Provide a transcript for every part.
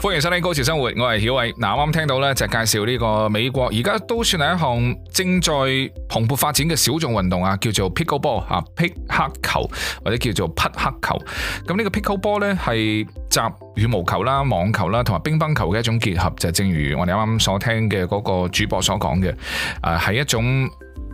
歡迎收聽《高潮生活》我，我係曉偉。嗱，啱啱聽到咧就係介紹呢個美國，而家都算係一項正在蓬勃發展嘅小眾運動啊，叫做 pickleball p i 啊，匹克球或者叫做匹克球。咁呢個 pickleball 咧，係集羽毛球啦、網球啦同埋乒乓球嘅一種結合，就係，正如我哋啱啱所聽嘅嗰個主播所講嘅，誒、啊、係一種。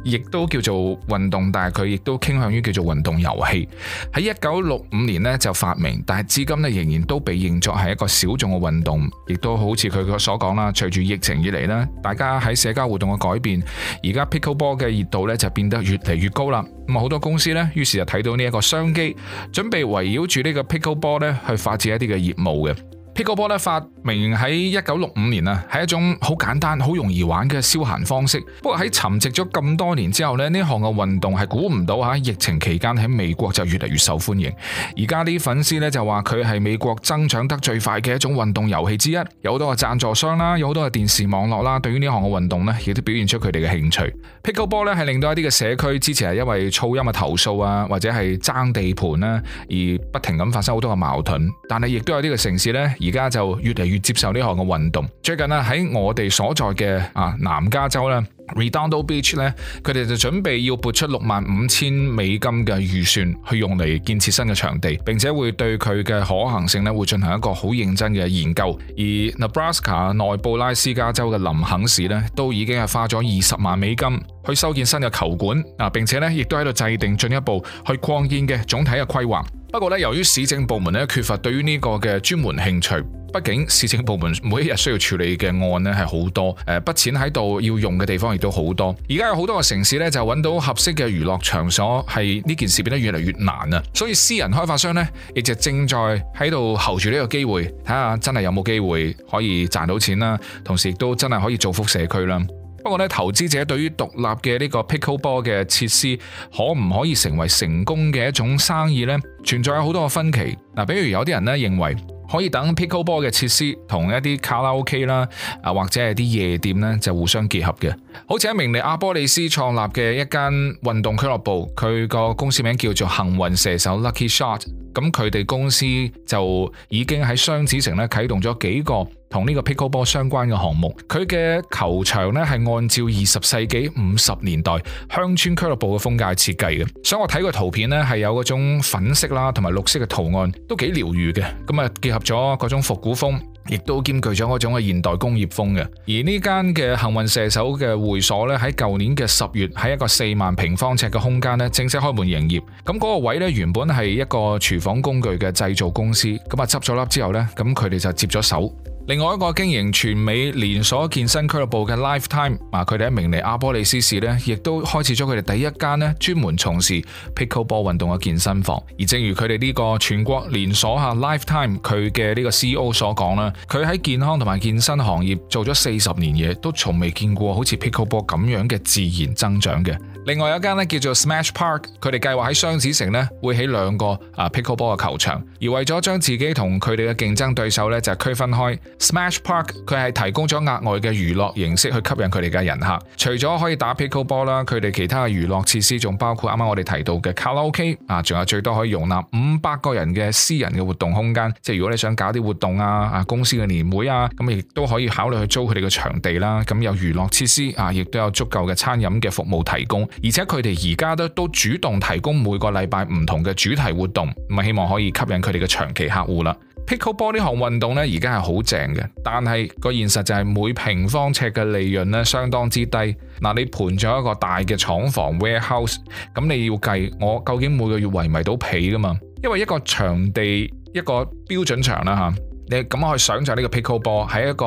亦都叫做運動，但係佢亦都傾向於叫做運動遊戲。喺一九六五年呢就發明，但係至今呢仍然都被認作係一個小眾嘅運動。亦都好似佢所講啦，隨住疫情以嚟呢，大家喺社交活動嘅改變，而家 pickleball 嘅熱度呢就變得越嚟越高啦。咁好多公司呢，於是就睇到呢一個商機，準備圍繞住呢個 pickleball 呢去發展一啲嘅業務嘅。Pickleball 咧，發明喺一九六五年啊，係一種好簡單、好容易玩嘅消閒方式。不過喺沉寂咗咁多年之後呢，呢項嘅運動係估唔到吓，疫情期間喺美國就越嚟越受歡迎。而家啲粉絲呢，就話佢係美國增長得最快嘅一種運動遊戲之一，有好多嘅贊助商啦，有好多嘅電視網絡啦，對於呢項嘅運動呢，亦都表現出佢哋嘅興趣。Pickleball 呢，係令到一啲嘅社區之前係因為噪音嘅投訴啊或者係爭地盤啦而不停咁發生好多嘅矛盾，但係亦都有啲嘅城市呢。而家就越嚟越接受呢項嘅運動。最近呢，喺我哋所在嘅啊南加州呢，Redondo Beach 呢，佢哋就準備要撥出六萬五千美金嘅預算去用嚟建設新嘅場地，並且會對佢嘅可行性呢，會進行一個好認真嘅研究。而 Nebraska 內布拉斯加州嘅林肯市呢，都已經係花咗二十萬美金去修建新嘅球館啊，並且呢亦都喺度制定進一步去擴建嘅總體嘅規劃。不過咧，由於市政部門咧缺乏對於呢個嘅專門興趣，畢竟市政部門每一日需要處理嘅案咧係好多，誒、呃，筆錢喺度要用嘅地方亦都好多。而家有好多個城市咧就揾到合適嘅娛樂場所，係呢件事變得越嚟越難啊！所以私人開發商呢，亦就正在喺度候住呢個機會，睇下真係有冇機會可以賺到錢啦，同時亦都真係可以造福社區啦。不過咧，投資者對於獨立嘅呢個 pickleball 嘅設施可唔可以成為成功嘅一種生意呢？存在有好多嘅分歧。嗱，比如有啲人咧認為可以等 pickleball 嘅設施同一啲卡拉 OK 啦，啊或者係啲夜店呢就互相結合嘅。好似喺明尼阿波利斯創立嘅一間運動俱樂部，佢個公司名叫做幸運射手 Lucky Shot。咁佢哋公司就已經喺雙子城咧啟動咗幾個。同呢個 Pickle 波相關嘅項目，佢嘅球場呢係按照二十世紀五十年代鄉村俱樂部嘅風格設計嘅，所以我睇個圖片呢，係有嗰種粉色啦同埋綠色嘅圖案，都幾療癒嘅。咁啊結合咗嗰種復古風，亦都兼具咗嗰種嘅現代工業風嘅。而呢間嘅幸運射手嘅會所呢，喺舊年嘅十月喺一個四萬平方尺嘅空間呢，正式開門營業。咁、那、嗰個位呢，原本係一個廚房工具嘅製造公司，咁啊執咗笠之後呢，咁佢哋就接咗手。另外一個經營全美連鎖健身俱樂部嘅 Lifetime，啊佢哋喺明尼阿波利斯市呢亦都開始咗佢哋第一間咧專門從事 pickleball 運動嘅健身房。而正如佢哋呢個全國連鎖下 Lifetime 佢嘅呢個 CEO 所講啦，佢喺健康同埋健身行業做咗四十年嘢，都從未見過好似 pickleball 咁樣嘅自然增長嘅。另外有一間咧叫做 Smash Park，佢哋計劃喺雙子城咧會起兩個啊 pickleball 嘅球場，而為咗將自己同佢哋嘅競爭對手咧就區分開。Smash Park 佢係提供咗額外嘅娛樂形式去吸引佢哋嘅人客，除咗可以打 pickleball 啦，佢哋其他嘅娛樂設施仲包括啱啱我哋提到嘅卡拉 OK 啊，仲有最多可以容納五百個人嘅私人嘅活動空間，即係如果你想搞啲活動啊，啊公司嘅年會啊，咁亦都可以考慮去租佢哋嘅場地啦。咁有娛樂設施啊，亦都有足夠嘅餐飲嘅服務提供，而且佢哋而家都都主動提供每個禮拜唔同嘅主題活動，咁啊希望可以吸引佢哋嘅長期客戶啦。pickleball 呢項運動咧，而家係好正嘅，但係個現實就係、是、每平方尺嘅利潤咧，相當之低。嗱，你盤咗一個大嘅廠房 warehouse，咁你要計我究竟每個月維迷到皮㗎嘛？因為一個場地一個標準場啦吓。啊你咁我可以想象呢個 pickle ball，喺一個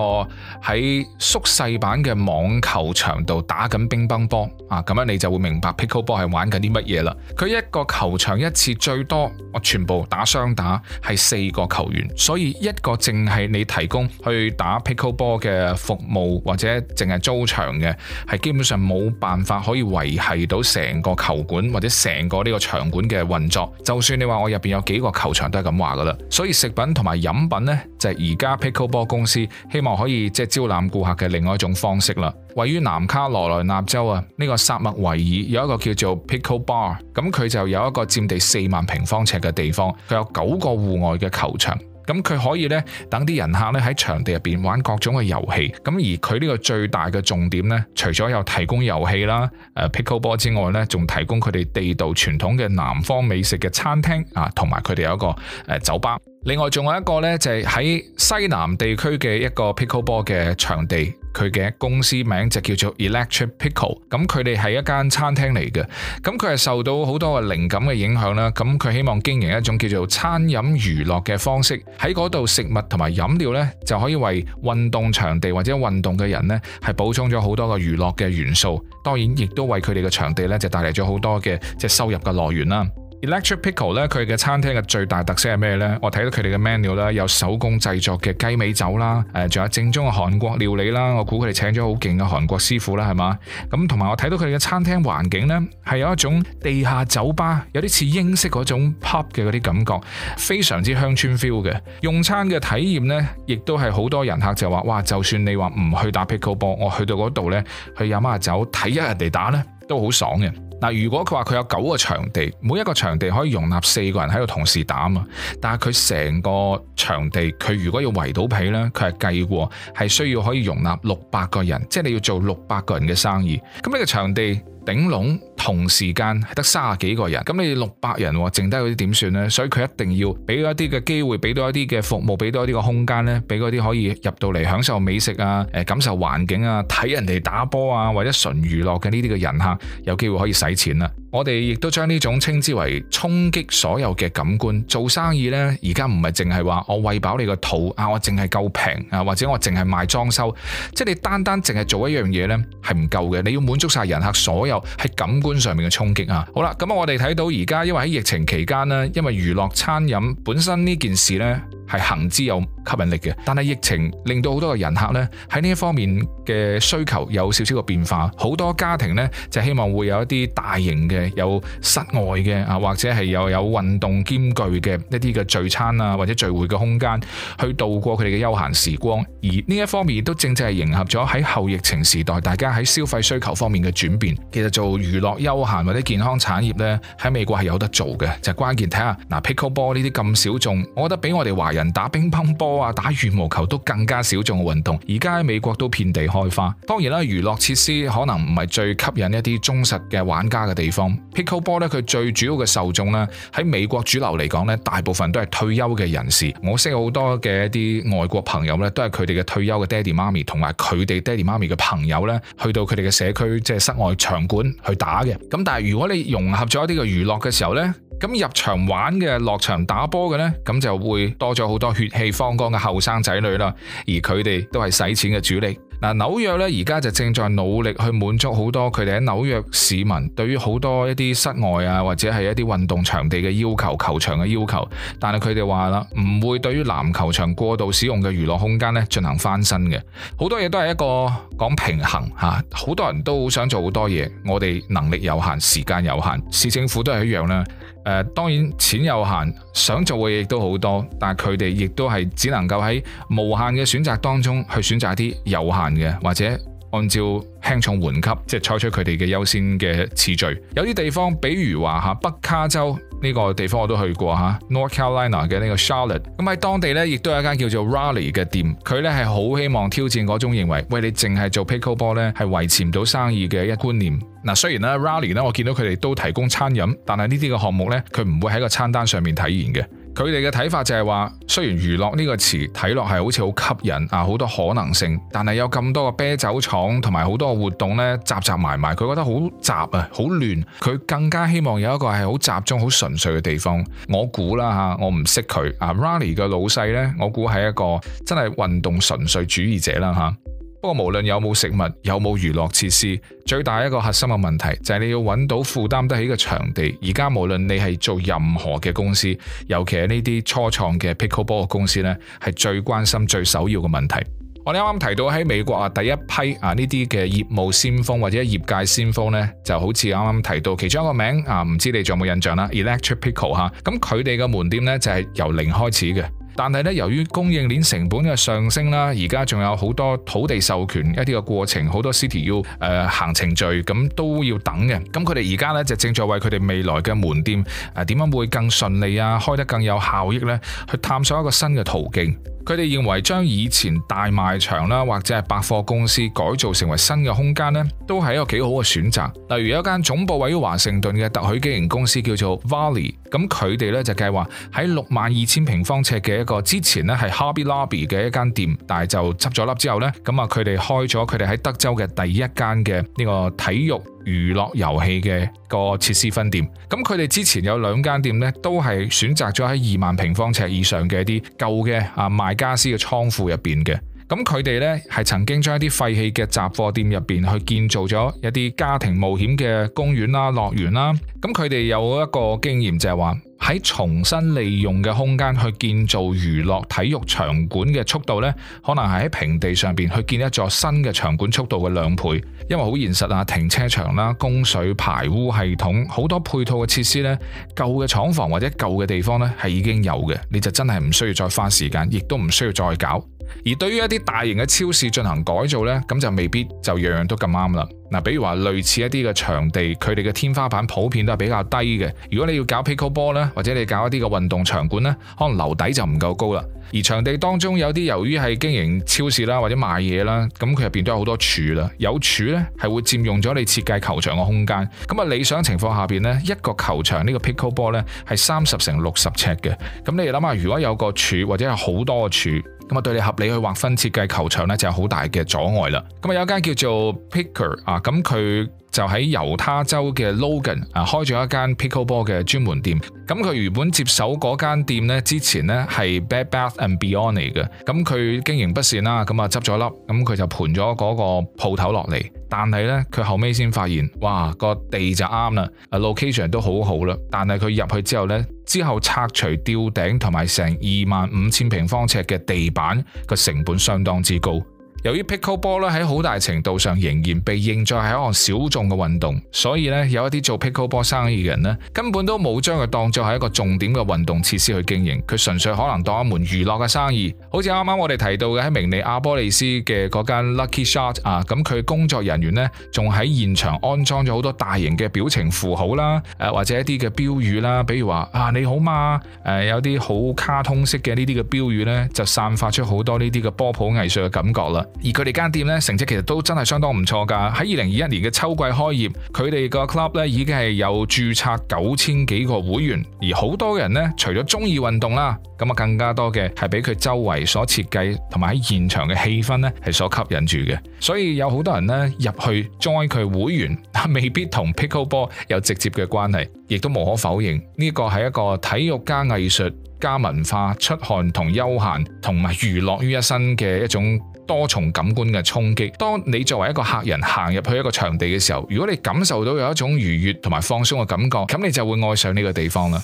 喺縮細版嘅網球場度打緊乒乓波。啊！咁樣你就會明白 pickle ball 係玩緊啲乜嘢啦。佢一個球場，一次最多我全部打雙打係四個球員，所以一個淨係你提供去打 pickle ball 嘅服務或者淨係租場嘅，係基本上冇辦法可以維係到成個球館或者成個呢個場館嘅運作。就算你話我入邊有幾個球場都係咁話噶啦。所以食品同埋飲品呢，就係而家 pickleball 公司希望可以即係、就是、招攬顧客嘅另外一種方式啦。位於南卡羅來納州啊，呢、這個薩默維爾有一個叫做 pickle bar，咁佢就有一個佔地四萬平方尺嘅地方，佢有九個戶外嘅球場。咁佢可以呢，等啲人客呢喺場地入邊玩各種嘅遊戲。咁而佢呢個最大嘅重點呢，除咗有提供遊戲啦、誒、啊、pickleball 之外呢，仲提供佢哋地道傳統嘅南方美食嘅餐廳啊，同埋佢哋有一個誒酒吧。另外仲有一個呢，就係、是、喺西南地區嘅一個 pickleball 嘅場地。佢嘅公司名就叫做 Electric Pickle，咁佢哋係一間餐廳嚟嘅，咁佢係受到好多嘅靈感嘅影響啦，咁佢希望經營一種叫做餐飲娛樂嘅方式，喺嗰度食物同埋飲料呢，就可以為運動場地或者運動嘅人呢，係補充咗好多嘅娛樂嘅元素，當然亦都為佢哋嘅場地呢，就帶嚟咗好多嘅即係收入嘅來源啦。Electric Pickle 咧，佢嘅餐廳嘅最大特色係咩呢？我睇到佢哋嘅 menu 咧，有手工製作嘅雞尾酒啦，誒，仲有正宗嘅韓國料理啦。我估佢哋請咗好勁嘅韓國師傅啦，係嘛？咁同埋我睇到佢哋嘅餐廳環境呢，係有一種地下酒吧，有啲似英式嗰種 pub 嘅嗰啲感覺，非常之鄉村 feel 嘅。用餐嘅體驗呢，亦都係好多人客就話：「哇，就算你話唔去打 pickle 波，我去到嗰度呢，去飲下酒，睇一下人哋打呢，都好爽嘅。」嗱，如果佢話佢有九個場地，每一個場地可以容納四個人喺度同時打啊，但係佢成個場地，佢如果要圍到皮呢，佢係計過係需要可以容納六百個人，即係你要做六百個人嘅生意，咁呢個場地。頂籠同時間得三十幾個人，咁你六百人，剩低嗰啲點算呢？所以佢一定要俾一啲嘅機會，俾多一啲嘅服務，俾多一啲嘅空間咧，俾嗰啲可以入到嚟享受美食啊、誒感受環境啊、睇人哋打波啊或者純娛樂嘅呢啲嘅人客，有機會可以使錢啦！我哋亦都將呢種稱之為衝擊所有嘅感官。做生意呢，而家唔係淨係話我餵飽你個肚啊，我淨係夠平啊，或者我淨係賣裝修，即係你單單淨係做一樣嘢呢，係唔夠嘅。你要滿足晒人客所有喺感官上面嘅衝擊啊！好啦，咁啊，我哋睇到而家，因為喺疫情期間呢，因為娛樂餐飲本身呢件事呢。係行之有吸引力嘅，但係疫情令到好多嘅人客呢，喺呢一方面嘅需求有少少嘅變化，好多家庭呢，就希望會有一啲大型嘅有室外嘅啊，或者係又有,有運動兼具嘅一啲嘅聚餐啊或者聚會嘅空間去度過佢哋嘅休閒時光，而呢一方面都正正係迎合咗喺後疫情時代大家喺消費需求方面嘅轉變。其實做娛樂休閒或者健康產業呢，喺美國係有得做嘅，就是、關鍵睇下嗱，pickleball 呢啲咁小眾，我覺得比我哋懷。人打乒乓波啊，打羽毛球都更加小眾嘅運動。而家喺美國都遍地開花。當然啦，娛樂設施可能唔係最吸引一啲忠實嘅玩家嘅地方。Pickleball 咧，佢最主要嘅受眾咧，喺美國主流嚟講咧，大部分都係退休嘅人士。我識好多嘅一啲外國朋友咧，都係佢哋嘅退休嘅爹哋媽咪，同埋佢哋爹哋媽咪嘅朋友咧，去到佢哋嘅社區即係室外場館去打嘅。咁但係如果你融合咗一啲嘅娛樂嘅時候咧，咁入場玩嘅、落場打波嘅呢，咁就會多咗好多血氣方剛嘅後生仔女啦。而佢哋都係使錢嘅主力。嗱，紐約呢而家就正在努力去滿足好多佢哋喺紐約市民對於好多一啲室外啊或者係一啲運動場地嘅要求、球場嘅要求。但係佢哋話啦，唔會對於籃球場過度使用嘅娛樂空間呢進行翻新嘅。好多嘢都係一個講平衡吓，好多人都好想做好多嘢，我哋能力有限，時間有限，市政府都係一樣啦。誒當然錢有限，想做嘅嘢亦都好多，但係佢哋亦都係只能夠喺無限嘅選擇當中去選擇一啲有限嘅，或者按照輕重緩急，即係採取佢哋嘅優先嘅次序。有啲地方，比如話北卡州。呢個地方我都去過吓，North Carolina 嘅呢個 Charlotte，咁喺當地呢，亦都有一間叫做 Rally 嘅店，佢呢係好希望挑戰嗰種認為，喂你淨係做 pickleball 呢，係維持唔到生意嘅一觀念。嗱，雖然呢 Rally 呢，我見到佢哋都提供餐飲，但係呢啲嘅項目呢，佢唔會喺個餐單上面體現嘅。佢哋嘅睇法就係話，雖然娛樂呢個詞睇落係好似好吸引啊，好多可能性，但係有咁多個啤酒廠同埋好多個活動呢，雜雜埋埋埋，佢覺得好雜啊，好亂。佢更加希望有一個係好集中、好純粹嘅地方。我估啦吓，我唔識佢啊，Riley 嘅老細呢，我估係一個真係運動純粹主義者啦吓。啊。不過無論有冇食物，有冇娛樂設施，最大一個核心嘅問題就係你要揾到負擔得起嘅場地。而家無論你係做任何嘅公司，尤其係呢啲初創嘅 Pickleball 公司呢係最關心、最首要嘅問題。我哋啱啱提到喺美國啊，第一批啊呢啲嘅業務先鋒或者業界先鋒呢就好似啱啱提到其中一個名啊，唔知你仲有冇印象啦，Electric Pickle 吓、啊。咁佢哋嘅門店呢，就係、是、由零開始嘅。但係咧，由於供應鏈成本嘅上升啦，而家仲有好多土地授權一啲嘅過程，好多 City 要誒、呃、行程序，咁都要等嘅。咁佢哋而家咧就正在為佢哋未來嘅門店誒點樣會更順利啊，開得更有效益呢？去探索一個新嘅途徑。佢哋認為將以前大賣場啦，或者係百貨公司改造成為新嘅空間呢，都係一個幾好嘅選擇。例如有一間總部位於華盛頓嘅特許經營公司叫做 Valley，咁佢哋呢就計劃喺六萬二千平方尺嘅一個之前呢係 Hobby Lobby 嘅一間店，但係就執咗笠之後呢，咁啊佢哋開咗佢哋喺德州嘅第一間嘅呢個體育娛樂遊戲嘅個設施分店，咁佢哋之前有兩間店呢，都係選擇咗喺二萬平方尺以上嘅一啲舊嘅啊賣傢俬嘅倉庫入邊嘅，咁佢哋呢，係曾經將一啲廢棄嘅雜貨店入邊去建造咗一啲家庭冒險嘅公園啦、啊、樂園啦，咁佢哋有一個經驗就係話。喺重新利用嘅空間去建造娛樂體育場館嘅速度呢，可能係喺平地上邊去建一座新嘅場館速度嘅兩倍，因為好現實啊，停車場啦、供水排污系統好多配套嘅設施呢，舊嘅廠房或者舊嘅地方呢，係已經有嘅，你就真係唔需要再花時間，亦都唔需要再搞。而對於一啲大型嘅超市進行改造呢，咁就未必就樣樣都咁啱啦。嗱，比如話類似一啲嘅場地，佢哋嘅天花板普遍都係比較低嘅。如果你要搞 pickle ball 咧，或者你搞一啲嘅運動場館呢，可能樓底就唔夠高啦。而場地當中有啲由於係經營超市啦，或者賣嘢啦，咁佢入邊都有好多柱啦，有柱呢係會佔用咗你設計球場嘅空間。咁啊，理想情況下邊呢，一個球場呢，這個 pickle ball 咧係三十乘六十尺嘅。咁你諗下，如果有個柱或者係好多個柱？咁啊，對你合理去劃分設計球場呢，就是、有好大嘅阻礙啦。咁啊，有間叫做 Picker 啊，咁佢，就喺猶他州嘅 Logan 啊，開咗一間 pickleball 嘅專門店。咁佢原本接手嗰間店咧，之前咧係 Bed Bath and Beyond 嚟嘅。咁佢經營不善啦，咁啊執咗笠。咁佢就盤咗嗰個鋪頭落嚟。但係呢，佢後尾先發現，哇，個地就啱啦，location 都好好啦。但係佢入去之後呢，之後拆除吊頂同埋成二萬五千平方尺嘅地板，個成本相當之高。由於 pickleball 咧，喺好大程度上仍然被認作係一項小眾嘅運動，所以咧有一啲做 pickleball 生意嘅人咧，根本都冇將佢當作係一個重點嘅運動設施去經營，佢純粹可能當一門娛樂嘅生意。好似啱啱我哋提到嘅喺明尼阿波利斯嘅嗰間 Lucky Shot 啊，咁佢嘅工作人員咧，仲喺現場安裝咗好多大型嘅表情符號啦，誒、啊、或者一啲嘅標語啦，比如話啊你好嗎？誒、啊、有啲好卡通式嘅呢啲嘅標語呢，就散發出好多呢啲嘅波普藝術嘅感覺啦。而佢哋間店咧成績其實都真係相當唔錯㗎。喺二零二一年嘅秋季開業，佢哋個 club 咧已經係有註冊九千幾個會員。而好多人呢，除咗中意運動啦，咁啊更加多嘅係俾佢周圍所設計同埋喺現場嘅氣氛呢係所吸引住嘅。所以有好多人呢入去 join 佢會員，但未必同 pickleball 有直接嘅關係。亦都無可否認呢個係一個體育加藝術加文化出汗同休閒同埋娛樂於一身嘅一種。多重感官嘅沖擊，當你作為一個客人行入去一個場地嘅時候，如果你感受到有一種愉悅同埋放鬆嘅感覺，咁你就會愛上呢個地方啦。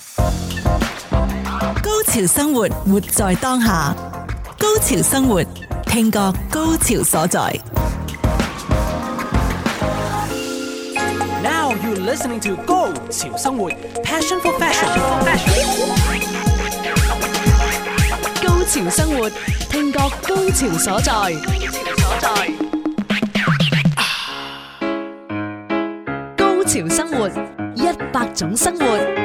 高潮生活，活在當下。高潮生活，聽覺高潮所在。Now you listening to 高潮生活，Passion for Fashion。高潮生活。聽覺高潮所在，高潮所在，高潮生活，一百種生活。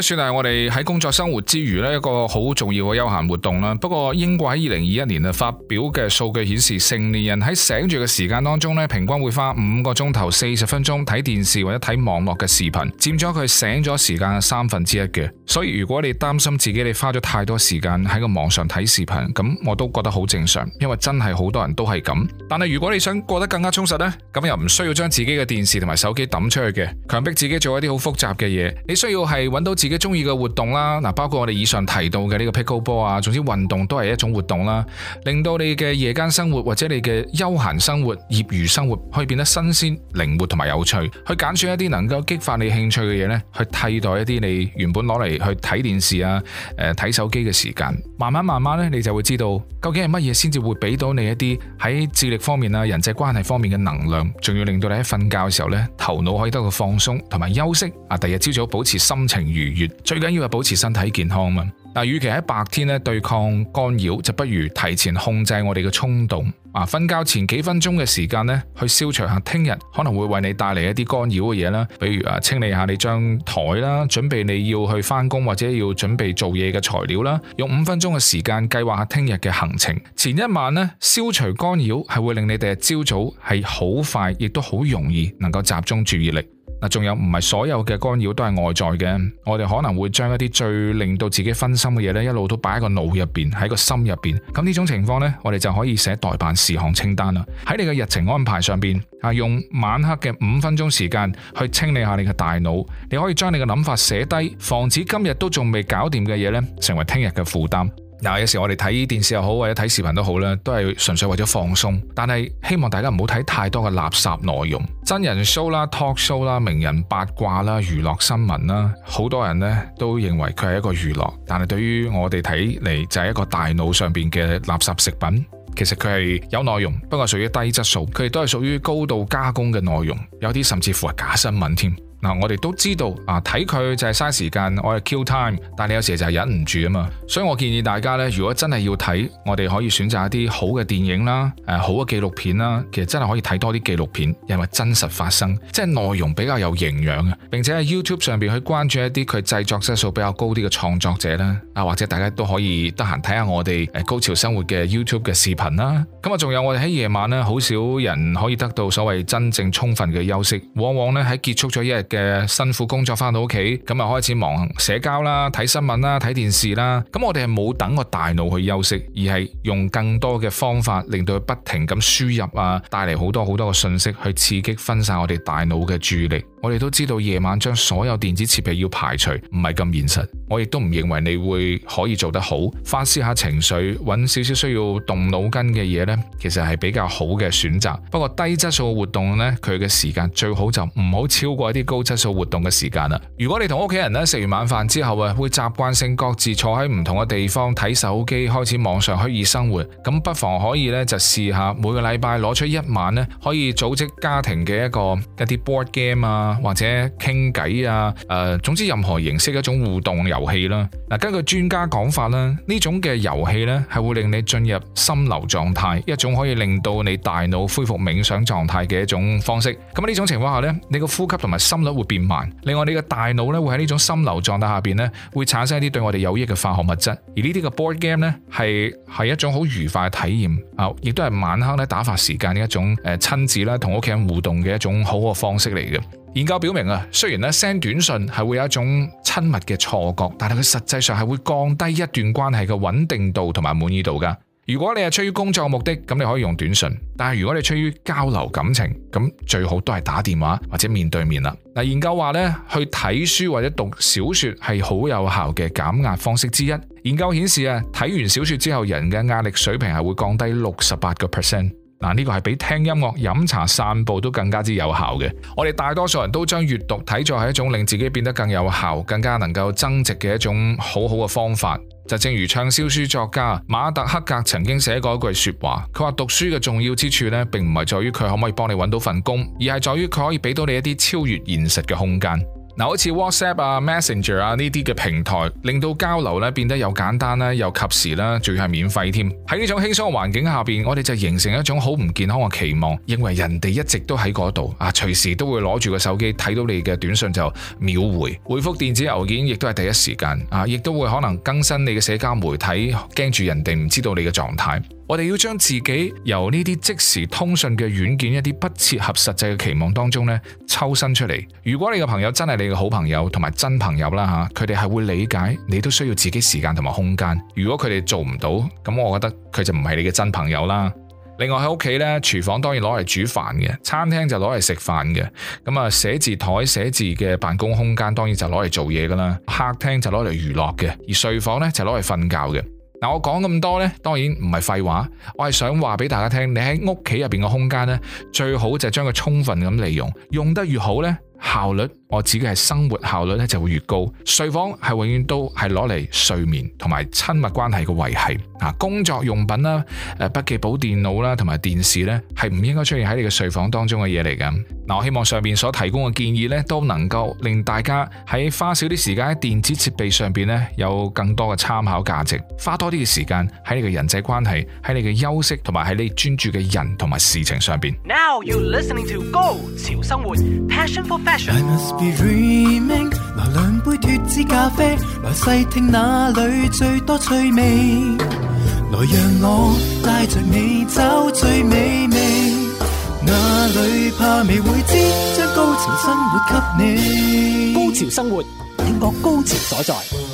算係我哋喺工作生活之餘咧一個好重要嘅休閒活動啦。不過英國喺二零二一年啊發表嘅數據顯示，成年人喺醒住嘅時間當中咧，平均會花五個鐘頭四十分鐘睇電視或者睇網絡嘅視頻，佔咗佢醒咗時間嘅三分之一嘅。所以如果你擔心自己你花咗太多時間喺個網上睇視頻，咁我都覺得好正常，因爲真係好多人都係咁。但係如果你想過得更加充實呢，咁又唔需要將自己嘅電視同埋手機抌出去嘅，強迫自己做一啲好複雜嘅嘢，你需要係揾到。自己中意嘅活動啦，嗱，包括我哋以上提到嘅呢個 Pickleball 啊，總之運動都係一種活動啦，令到你嘅夜間生活或者你嘅休閒生活、業餘生活可以變得新鮮、靈活同埋有趣，去揀選一啲能夠激發你興趣嘅嘢呢，去替代一啲你原本攞嚟去睇電視啊、誒、呃、睇手機嘅時間，慢慢慢慢呢，你就會知道究竟係乜嘢先至會俾到你一啲喺智力方面啊、人際關係方面嘅能量，仲要令到你喺瞓覺嘅時候呢，頭腦可以得到放鬆同埋休息，啊，第二朝早保持心情愉。最緊要係保持身體健康啊！但與其喺白天咧對抗干擾，就不如提前控制我哋嘅衝動啊。瞓覺前幾分鐘嘅時間咧，去消除下聽日可能會為你帶嚟一啲干擾嘅嘢啦，比如啊清理下你張台啦，準備你要去返工或者要準備做嘢嘅材料啦，用五分鐘嘅時間計劃下聽日嘅行程。前一晚咧消除干擾係會令你第日朝早係好快亦都好容易能夠集中注意力。仲有唔係所有嘅干擾都係外在嘅，我哋可能會將一啲最令到自己分心嘅嘢呢，一路都擺喺個腦入邊，喺個心入邊。咁呢種情況呢，我哋就可以寫待辦事項清單啦。喺你嘅日程安排上邊啊，用晚黑嘅五分鐘時間去清理下你嘅大腦。你可以將你嘅諗法寫低，防止今日都仲未搞掂嘅嘢呢，成為聽日嘅負擔。嗱，有時我哋睇電視又好，或者睇視頻都好咧，都係純粹為咗放鬆。但係希望大家唔好睇太多嘅垃圾內容，真人 show 啦、talk show 啦、名人八卦啦、娛樂新聞啦，好多人呢都認為佢係一個娛樂。但係對於我哋睇嚟就係一個大腦上面嘅垃圾食品。其實佢係有內容，不過屬於低質素，佢亦都係屬於高度加工嘅內容，有啲甚至乎係假新聞添。嗱、嗯，我哋都知道，啊睇佢就係嘥時間，我係 kill time，但你有時就係忍唔住啊嘛，所以我建議大家呢，如果真係要睇，我哋可以選擇一啲好嘅電影啦，誒、啊、好嘅紀錄片啦、啊，其實真係可以睇多啲紀錄片，因為真實發生，即係內容比較有營養啊，並且喺 YouTube 上邊去關注一啲佢製作質素比較高啲嘅創作者啦，啊或者大家都可以得閒睇下我哋誒高潮生活嘅 YouTube 嘅視頻啦，咁啊仲有我哋喺夜晚呢，好少人可以得到所謂真正充分嘅休息，往往呢，喺結束咗一日嘅辛苦工作返到屋企，咁啊開始忙社交啦、睇新聞啦、睇電視啦，咁我哋係冇等個大腦去休息，而係用更多嘅方法令到佢不停咁輸入啊，帶嚟好多好多嘅信息去刺激分散我哋大腦嘅注意力。我哋都知道夜晚將所有電子設備要排除唔係咁現實，我亦都唔認為你會可以做得好。反思下情緒，揾少少需要動腦筋嘅嘢呢，其實係比較好嘅選擇。不過低質素活動呢，佢嘅時間最好就唔好超過一啲高質素活動嘅時間啦。如果你同屋企人呢，食完晚飯之後啊，會習慣性各自坐喺唔同嘅地方睇手機，開始網上虛擬生活，咁不妨可以呢，就試下每個禮拜攞出一晚呢，可以組織家庭嘅一個一啲 board game 啊。或者傾偈啊，誒、呃，總之任何形式嘅一種互動遊戲啦。嗱，根據專家講法啦，種遊戲呢種嘅遊戲呢係會令你進入心流狀態，一種可以令到你大腦恢復冥想狀態嘅一種方式。咁喺呢種情況下呢，你個呼吸同埋心率會變慢。另外你，你嘅大腦呢會喺呢種心流狀態下邊呢會產生一啲對我哋有益嘅化學物質。而呢啲嘅 board game 呢係係一,、哦、一,一種好愉快嘅體驗啊，亦都係晚黑咧打發時間嘅一種誒，親子啦同屋企人互動嘅一種好嘅方式嚟嘅。研究表明啊，雖然咧 send 短信係會有一種親密嘅錯覺，但係佢實際上係會降低一段關係嘅穩定度同埋滿意度噶。如果你係出於工作目的，咁你可以用短信；但係如果你出於交流感情，咁最好都係打電話或者面對面啦。嗱，研究話咧，去睇書或者讀小說係好有效嘅減壓方式之一。研究顯示啊，睇完小說之後，人嘅壓力水平係會降低六十八個 percent。嗱，呢個係比聽音樂、飲茶、散步都更加之有效嘅。我哋大多數人都將閱讀睇作係一種令自己變得更有效、更加能夠增值嘅一種好好嘅方法。就正如暢銷書作家馬特·克格曾經寫過一句說話，佢話讀書嘅重要之處呢，並唔係在於佢可唔可以幫你揾到份工，而係在於佢可以俾到你一啲超越現實嘅空間。嗱，好似 WhatsApp 啊、Messenger 啊呢啲嘅平台，令到交流咧變得又簡單啦，又及時啦，仲要係免費添。喺呢種輕鬆嘅環境下邊，我哋就形成一種好唔健康嘅期望，認為人哋一直都喺嗰度啊，隨時都會攞住個手機睇到你嘅短信就秒回，回覆電子郵件亦都係第一時間啊，亦都會可能更新你嘅社交媒體，驚住人哋唔知道你嘅狀態。我哋要將自己由呢啲即時通訊嘅軟件一啲不切合實際嘅期望當中咧抽身出嚟。如果你嘅朋友真係你嘅好朋友同埋真朋友啦，吓，佢哋係會理解你都需要自己時間同埋空間。如果佢哋做唔到，咁我覺得佢就唔係你嘅真朋友啦。另外喺屋企咧，廚房當然攞嚟煮飯嘅，餐廳就攞嚟食飯嘅。咁啊，寫字台寫字嘅辦公空間當然就攞嚟做嘢噶啦。客廳就攞嚟娛樂嘅，而睡房咧就攞嚟瞓覺嘅。嗱，我講咁多咧，當然唔係廢話，我係想話俾大家聽，你喺屋企入邊嘅空間咧，最好就係將佢充分咁利用，用得越好咧。效率，我自己係生活效率咧就會越高。睡房係永遠都係攞嚟睡眠同埋親密關係嘅維繫啊。工作用品啦，誒，筆記簿電腦啦，同埋電視咧係唔應該出現喺你嘅睡房當中嘅嘢嚟嘅。嗱，我希望上面所提供嘅建議呢，都能夠令大家喺花少啲時間喺電子設備上邊呢，有更多嘅參考價值，花多啲嘅時間喺你嘅人際關係、喺你嘅休息同埋喺你專注嘅人同埋事情上邊。Now you listening to 高潮生活 ,passion for Fashion. I must be dreaming。來兩杯脫脂咖啡，來細聽哪裏最多趣味。來讓我帶着你找最美味，哪裏怕未會知，將高潮生活給你。高潮生活，聽我高潮所在。